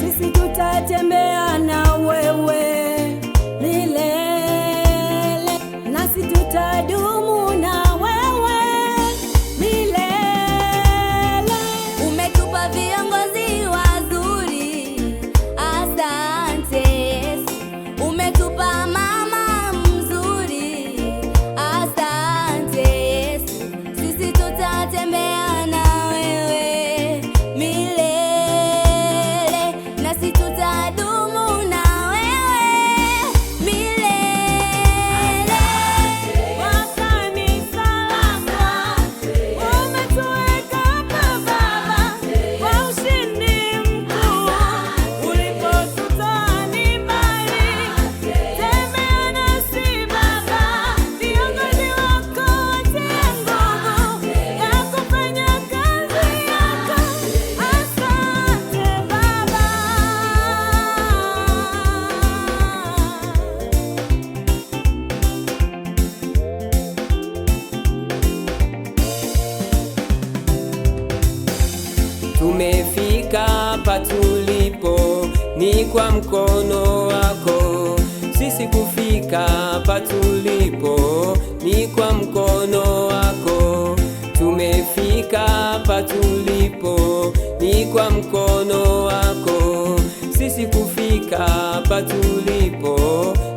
sisi tutatembea tulipo ni kwa mkono wako, tumefika hapa tulipo ni kwa mkono wako, sisi kufika hapa tulipo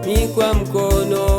ni kwa mkono